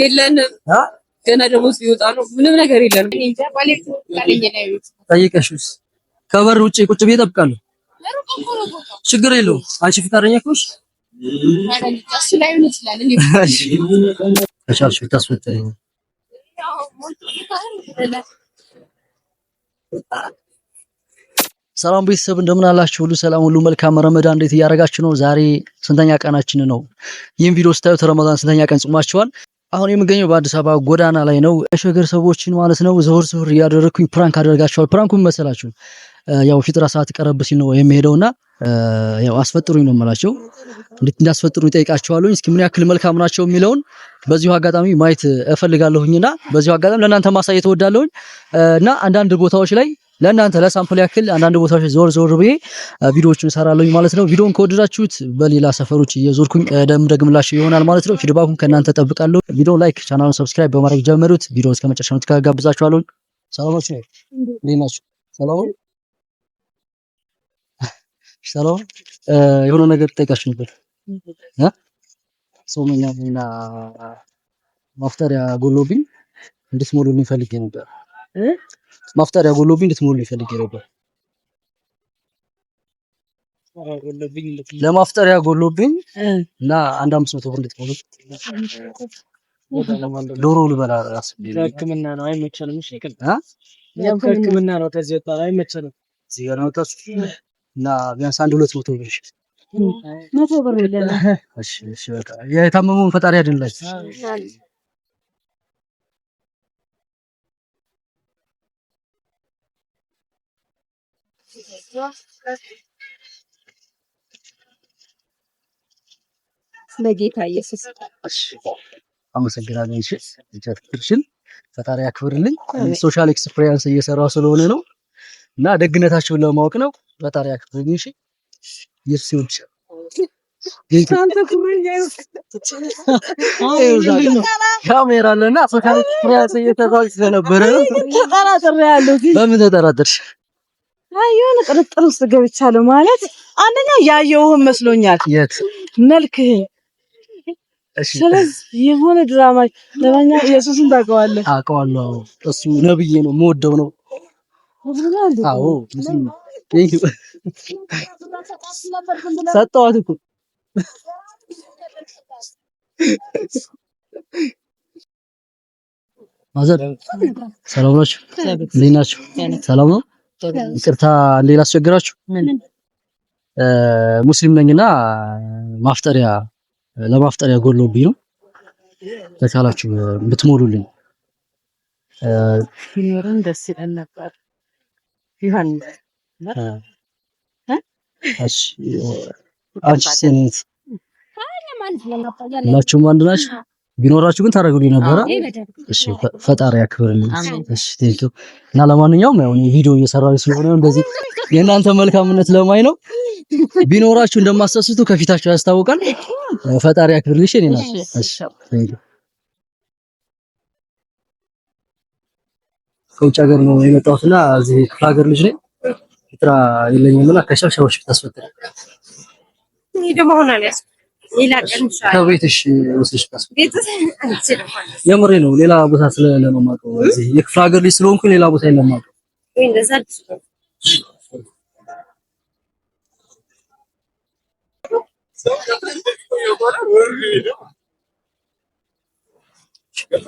የለንም። ገና ደግሞ ሲወጣ ነው። ምንም ነገር የለንም። ጠይቀሽስ ከበር ውጭ ቁጭ ብዬ እጠብቃለሁ። ችግር የለውም። አንቺ ፍቃደኛ ከሆንሽ ከቻልሽ ብታስፈታኝ ሰላም ቤተሰብ እንደምን አላችሁ? ሁሉ ሰላም፣ ሁሉ መልካም። ረመዳን እንዴት እያደረጋችሁ ነው? ዛሬ ስንተኛ ቀናችን ነው? ይህን ቪዲዮ ስታዩት ረመዳን ስንተኛ ቀን ጾማችኋል? አሁን የምገኘው በአዲስ አበባ ጎዳና ላይ ነው። ሸገር ሰዎችን ማለት ነው ዘወር ዘወር እያደረግኩኝ ፕራንክ አደርጋቸዋል። ፕራንኩን መሰላችሁ ያው ፊጥራ ሰዓት ቀረብ ሲል ነው የሚሄደውና ያው አስፈጥሩኝ ነው የምላቸው። እንዴት እንዳስፈጥሩኝ ጠይቃቸዋለሁ። እስኪ ምን ያክል መልካም ናቸው የሚለውን በዚሁ አጋጣሚ ማየት እፈልጋለሁኝና በዚሁ አጋጣሚ ለእናንተ ማሳየት እወዳለሁኝ እና አንዳንድ ቦታዎች ላይ ለእናንተ ለሳምፕል ያክል አንዳንድ ቦታዎች ዞር ዞር ብዬ ቪዲዮዎችን ሰራለኝ ማለት ነው። ቪዲዮን ከወደዳችሁት በሌላ ሰፈሮች እየዞርኩኝ ደም እንደምደግምላችሁ ይሆናል ማለት ነው። ፊድባኩን ከእናንተ ጠብቃለሁ። ቪዲዮ ላይክ፣ ቻናሉን ሰብስክራይብ በማድረግ ጀመሩት። ቪዲዮ እስከ መጨረሻ ነው ትጋብዛችኋለሁ። ሰላማችሁ ነው ናቸው። ሰላም ሰላም። የሆነ ነገር ጠይቃችሁ ነበር። ጾመኛና ማፍጠሪያ ጎሎብኝ እንድትሞሉልኝ ፈልጌ ነበር ማፍጠሪያ ጎሎብኝ እንድትሞሉ ይፈልግ ነበር። ለማፍጠሪያ ጎሎብኝ እና አንድ አምስት መቶ ብር እንድትሞሉ ዶሮ ልበላ አስቤ ነው። ሕክምና ነው አይመቸንም። ሕክምና ነው ከዚህ ወጣ አይመቸንም። እዚህ ጋር ነው ታስ እና ቢያንስ አንድ ሁለት መቶ ብር መቶ ብር የታመመውን ፈጣሪ ያድንላችሁ። ስለጌታ ኢየሱስ አመሰግናለሁ። ጀርሽን ፈጣሪ ያክብርልኝ። ሶሻል ኤክስፕሪያንስ እየሰራ ስለሆነ ነው እና ደግነታችሁን ለማወቅ ነው። ፈጣሪ ያክብርልኝ። እሺ ኢየሱስ ይሁን። ካሜራ አለና ሶሻል ኤክስፕሪያንስ እየሰራው ስለነበረ ነው። በምን ተጠራጠርሽ? የሆነ ጥርጥር ውስጥ ገብቻለሁ ማለት አንደኛ ያየውህን መስሎኛል የት መልክህን ስለዚህ የሆነ ድራማ ለማኛ ኢየሱስን ታውቀዋለህ አውቀዋለሁ እሱ ነብዬ ነው የምወደው ነው አዎ ሰጠዋት እኮ ማዘር ሰላም ናችሁ እንዴት ናችሁ ሰላም ነው ይቅርታ ሌላ አስቸግራችሁ ሙስሊም ነኝና ማፍጠሪያ ለማፍጠሪያ ጎሎብኝ ነው። ተካላችሁ ብትሞሉልኝ ሲኖርን ደስ ይለን ነበር። ይሁን እሺ። አንቺ ሴት ናችሁ አንድ ናችሁ ቢኖራችሁ ግን ታደርጉልኝ ነበረ። እሺ ፈጣሪ ያክብርልኝ። እሺ ቴንኩ። እና ለማንኛውም ያው ቪዲዮ እየሰራሁ ስለሆነ እንደዚህ የእናንተ መልካምነት ለማይ ነው። ቢኖራችሁ እንደማሰስቱ ከፊታችሁ ያስታውቃል። ፈጣሪ ያክብርልሽ። እኔ ነው እሺ ቴንኩ። ከውጭ ሀገር ነው የመጣሁት እና እዚህ ክፍለ ሀገር ልጅ ነኝ። ስራ የለኝም እና ከሻሻዎች ተስፈተ ከቤትሽ ወስደሽ የምሬ ነው። ሌላ ቦታ ስለለማቀው እዚህ የክፍለ ሀገር ልጅ ስለሆንኩኝ ሌላ ቦታ የለማቀው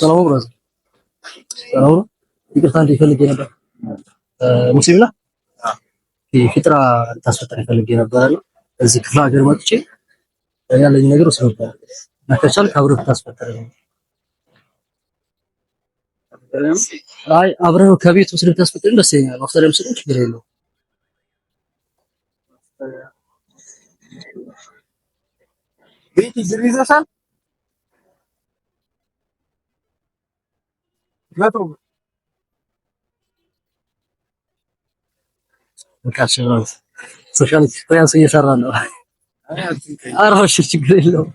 ሰላም ብራዝ ሰላም ነው። ይቅርታ ፈልጌ ነበር። ሙስሊም ፊጥራ ልታስፈጠር ፈልጌ ነበር። እዚህ ክፍለ ሀገር መጥቼ ያለኝ ነገር ውስጥ ይባላል መከቻል ከአብረህ ብታስፈጠረኝ አይ አብረህ ከቤት ውስጥ ብታስፈጠረኝ ደስ ይለኛል። ማፍጠሪያ ምስል ችግር የለውም። ቤት ዝር ይዘሳል ሶሻል ኤክስፔሪንስ እየሰራ ነው። አራሽ ችግር የለውም።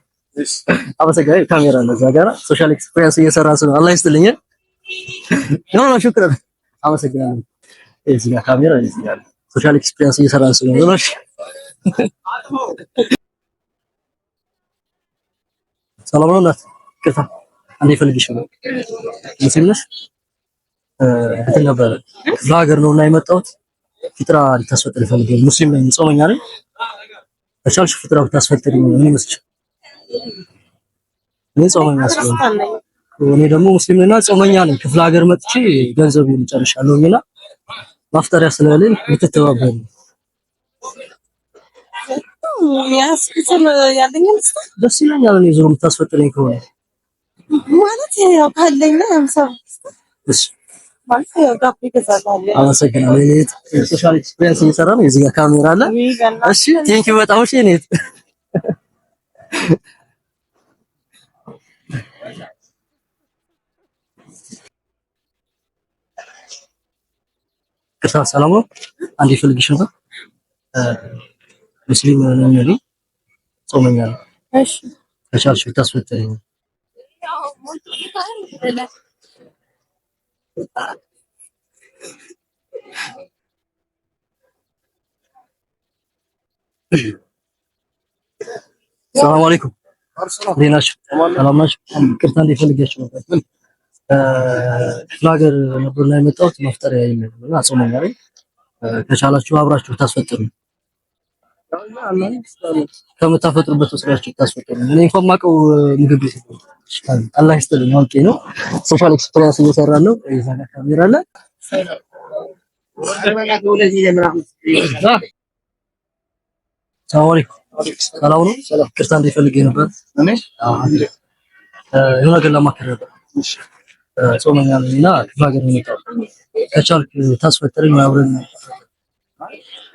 አመሰግናለሁ። ካሜራ አለ እዛ ጋራ ሶሻል ኤክስፒሪንስ እየሰራስ ነው። አላህ ይስጥልኝ። ነው ነው ሹክራን አመሰግናለሁ። እዚህ ጋር ካሜራ እዚህ ጋር ሶሻል ኤክስፒሪየንስ እየሰራስ ነው። ነው ሰላም ነው እናት ቅርታ አንዴ ፈልግሽ ነው መስልሽ እንትን ነበረ ክፍለ ነው እና የመጣሁት ፊጥራ ልታስወጥን ፈልገ ሙስሊም ነኝ ጾመኛ ነኝ በቻልሽ ፍጥራ ብታስፈጥሪ ምን ይመስልሽ? እኔ ጾመኛ ስለሆነ እኔ ደግሞ ሙስሊም እና ጾመኛ ነኝ። ክፍለ ሀገር መጥቼ ገንዘብ ጨርሻለሁና ማፍጠሪያ ስለሌለኝ ልትተባበሩ ደስ ይለኛል። እኔ ዞሮ የምታስፈጥረኝ ከሆነ ማለት ያው ካለኝ ነው። አመሰግናለሁ። ኔት ሶሻል እየሰራ ነው። ካሜራ አለ። እሺ፣ ቴንኪ በጣም እሺ። ኔት ቅርሳ ሰላም አንድ ይፈልግሽ ነበር። ሙስሊም ነው፣ ጾመኛ ነው። እሺ፣ ብታስፈጥሪኝ ሰላም አለይኩም እንዴት ናችሁ? ሰላም ናችሁ? ቅርታ እንዲፈልጋችሁ ነበር። ክፍለ ሀገር ነበርና የመጣሁት መፍጠሪያ የለም እና ጾመኛ ከቻላችሁ አብራችሁ ታስፈጥሩ ከምታፈጥሩበት ወስዳችሁ ታስወጡኝ። እኔ እንኳን የማውቀው ምግብ ቤት አላህ ይስጥልኝ አውቄ ነው። ሶሻል ኤክስፒሪየንስ እየሰራ ነው። ካሜራ አለ። ሰላም አለይኩም። ሰላም ነው። ይቅርታ ነበር። እኔ የሆነ ነገር ለማከር ነበር። ጾመኛ ነኝ እና ከቻልክ ታስፈጥረኝ አብረን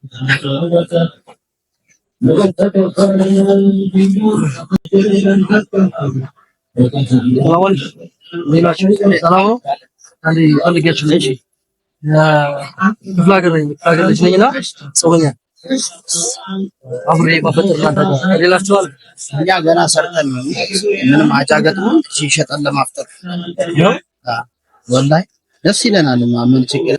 አብሬ ባፈጥር እናንተ ሌላችኋል። እኛ ገና ሰርተን ምንም አጫ ገጥሞን ሲሸጠን ለማፍጠር ወላሂ ደስ ይለናል። ምን ችግር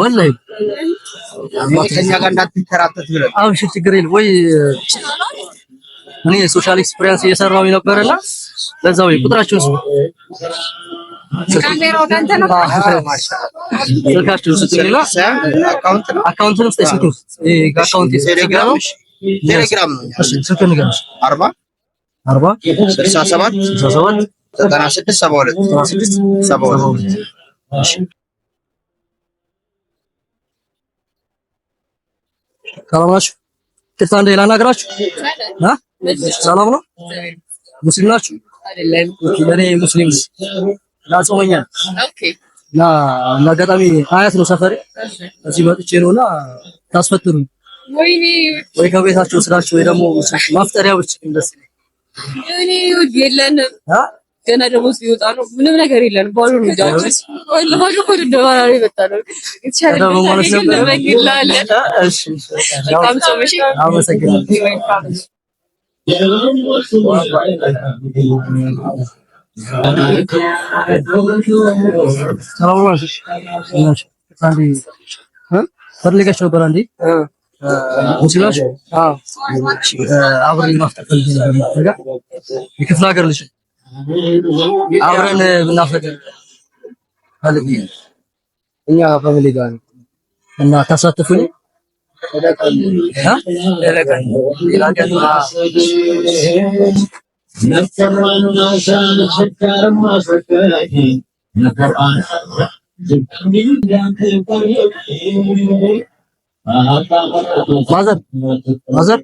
ወላሂ ከእኛ ጋር እንዳትተራተት ብለን አብሽ ችግር የለም ወይ እኔ ሶሻል ኤክስፒሪየንስ እየሰራው ነበርና ለዛው ቁጥራችሁን ስልካችሁን ስትሉላ አካውንት ሰላም ናችሁ? ቅርታ እንደ ላናግራችሁ ሰላም ነው። ሙስሊም ናችሁ? ለእኔ ሙስሊም እና ጾመኛል እና አጋጣሚ አያት ነው ሰፈሬ እዚህ መጥቼ ነው እና ታስፈትሩኝ ወይ ከቤታቸው ስላችሁ ወይ ደግሞ ማፍጠሪያዎች እንደዚህ እኔ የለንም ገና ደግሞ ሲወጣ ነው። ምንም ነገር የለንም። ባዶ ነው እጃችን። ባዶ ወደ ደባራሪ ይመጣ ነው። ፈልገሽ ነበር እንዴ? አብረን ማፍጠር ፈልጌ ነበር። የክፍለ ሀገር ልጅ አብረን ብናፈጥ ፈልግ እኛ ፋሚሊ ጋር እና ታሳትፉኝ። ማዘር ማዘር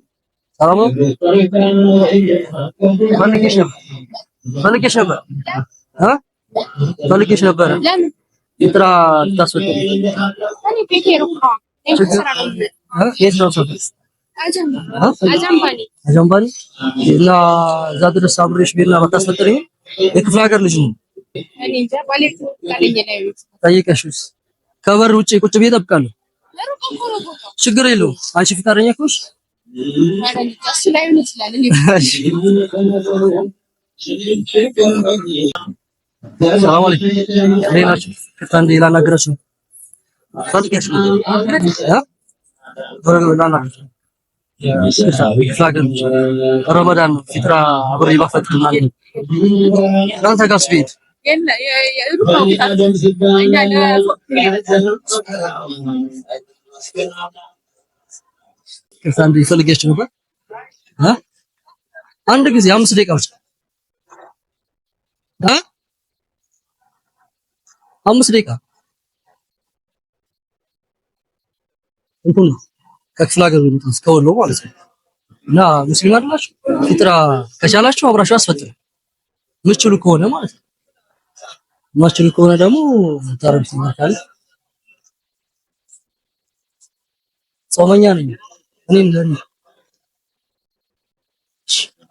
ሰላም ነው። ፈልጌሽ ነበር እ ፈልጌሽ ነበር የጥራ ታስወጣኝ አጀምባኒ እና እዛ ድረስ አብሬሽ ቤና ባታስፈጥሪ የክፍለ ሀገር ልጅ ነው ጠይቀሽስ ከበር ውጭ ቁጭ ብዬ እጠብቃለሁ ችግር የለውም አንቺ ፍቃደኛ ከሆንሽ ሰላም አለይኩም እንዴት ናችሁ? ቅርታ እንዴ ላናገራችሁ ፈልጌያችሁ ረመዳን ፊጥራ አብሬ ባፈጥና እናንተ ጋር ስቤት ቅርታ እንዴ ፈልጌያችሁ ነበር። አንድ ጊዜ አምስት ደቂቃ ብቻ አምስት ደቂቃ እንትን ከክፍለ ሀገር ይመጣስ ከወሎ ማለት ነው። እና ሙስሊም አይደላችሁ ከቻላችሁ አብራችሁ አስፈጥሩ ምችሉ ከሆነ ማለት ነው። ከሆነ ደግሞ ጾመኛ ነኝ እኔ።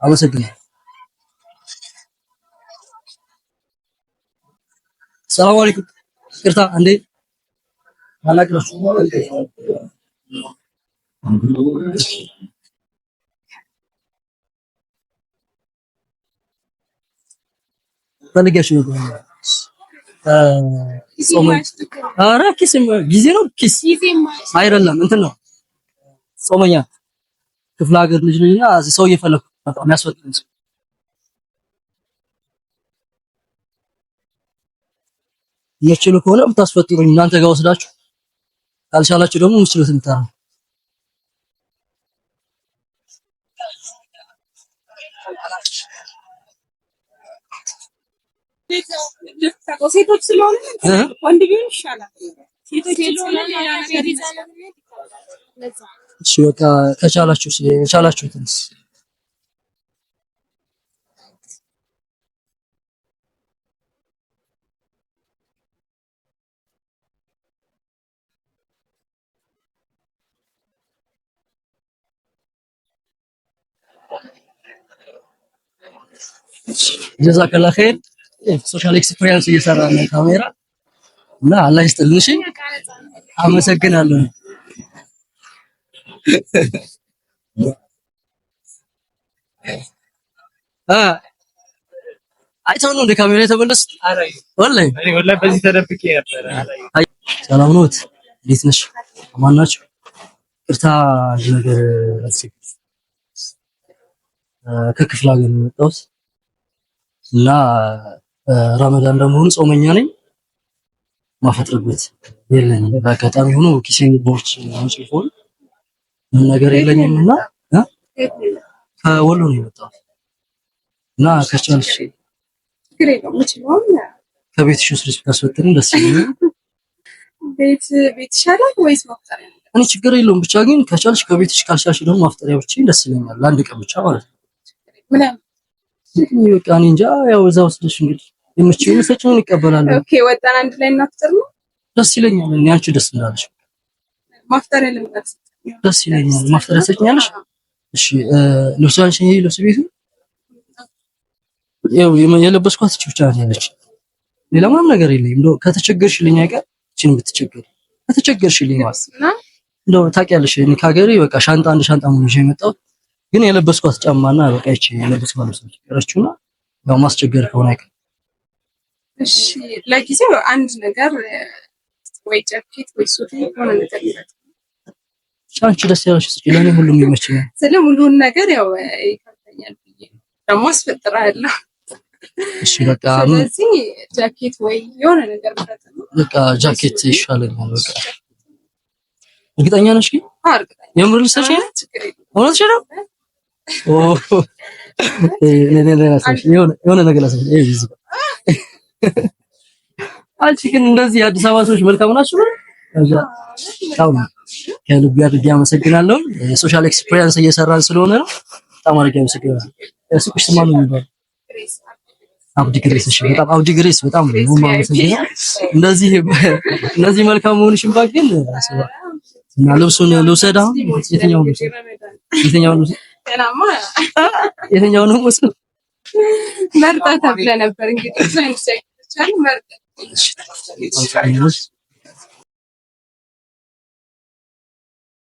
አመሰግናለሁ። ሰላም አለይኩም። ይቅርታ እንዴ ኧረ ኪስ ጊዜ ነው ኪስ አይደለም እንትን ነው ጾመኛ ክፍለ ሀገር ልጅ ልጅና ሰው እየፈለኩ በጣም ያስፈልግ የምትችሉ ከሆነ ብታስፈጥሩኝ እናንተ ጋር ወስዳችሁ፣ ካልቻላችሁ ደግሞ ምስሉት እንታራ ሴቶች ስለሆነ ወንድ ቢሆን ይሻላል። እሺ በቃ ጀዛ ከላኸይር ሶሻል ኤክስፒሪየንስ እየሰራ ነው ካሜራ እና አላህ ይስጥልሽ። አመሰግናለሁ። አይተው ነው እንደ ካሜራ የተመለሱት። ወላሂ ወላሂ በዚህ ተደብቄ ነበር። ሰላም ነዎት? እንዴት ነሽ? ማን ናችሁ? ቅርታ ነገር ከክፍለ ሀገር ነው የመጣሁት እና ረመዳን ለመሆኑ ጾመኛ ነኝ። ማፈጥርበት ቤት የለኝም። በአጋጣሚ ሆኖ ኪሴን ቦርች ጽፎን ምን ነገር የለኝም እና ከወሎ ነው የመጣው እና ከቻልሽ ከቤትሽ ስሪስ ብታስፈጥሪኝ ደስ ይለኛል። ቤት ቤት ይሻላል ወይስ ማፍጠሪያ? እኔ ችግር የለውም ብቻ ግን ከቻልሽ ከቤትሽ ካልቻልሽ ደግሞ ማፍጠሪያ ብቻ ደስ ይለኛል። ለአንድ ቀን ብቻ ማለት ነው። በቃ እኔ እንጃ። ያው እዛ ወስደሽ እንግዲህ የምትችይውን ሰጪውን ይቀበላል። ኦኬ፣ ወጣን አንድ ላይ እናፍጥር ነው። ደስ ይለኛል። እኔ አንቺ ደስ ትላለሽ። ማፍጠር ደስ ይለኛል። ማፍጠር እሺ፣ ይሄ ልብስ ቤቱ ያው የለበስኳት እቺ ብቻ ናት ያለች፣ ሌላ ምንም ነገር የለኝም። እንደው ከተቸገርሽልኝ አይቀር እቺን ብትቸገር ከተቸገርሽልኝ ማለት ነው። እንደው ታውቂያለሽ፣ እኔ ከሀገሬ በቃ ሻንጣ አንድ ሻንጣ ሙሉ ይዤ የመጣሁት ግን የለበስኳት ጫማና በቃ ይቺ የለበስኳት ልብስ ነች የቀረችውና ያው ማስቸገር ከሆነ አይቀር። እሺ፣ ለጊዜው አንድ ነገር ወይ ጃኬት ወይ ሱሪ ሆነ ነገር ይላል። አንቺ ደስ ያለሽ ስጪ፣ ለኔ ሁሉም ይመቸኛል። ስለ ሙሉውን ነገር ያው ይከፈኛል ብዬ ደግሞ አስፈጥራለሁ። እሺ በቃ ስለዚህ ጃኬት ወይ የሆነ ነገር ማለት በቃ ጃኬት ይሻለኛል። በቃ እርግጠኛ ነሽ ግን? አርግ እርግጠኛ የምር ልሰጪ ነው እውነት ነው የሆነ ነገር አንቺ ግን እንደዚህ የአዲስ አበባ ሰዎች መልካም ናችሁ። ከልብ አድርጌ አመሰግናለሁ። ሶሻል ኤክስፒሪየንስ እየሰራን ስለሆነ ነው። በጣም አድርጌ አመሰግናለሁ። ሱቁሽ ስማ ነው የሚባለው አብዲ ግሬስ። እሺ፣ በጣም አብዲ ግሬስ። በጣም እንደዚህ እንደዚህ መልካም መሆንሽን ባክ ግን እና ልብሱን ልውሰድ አሁን የትኛውን ልውሰድ ጤናማ የትኛው ነው ሙስ መርጣ ተብለ ነበር እንግዲህ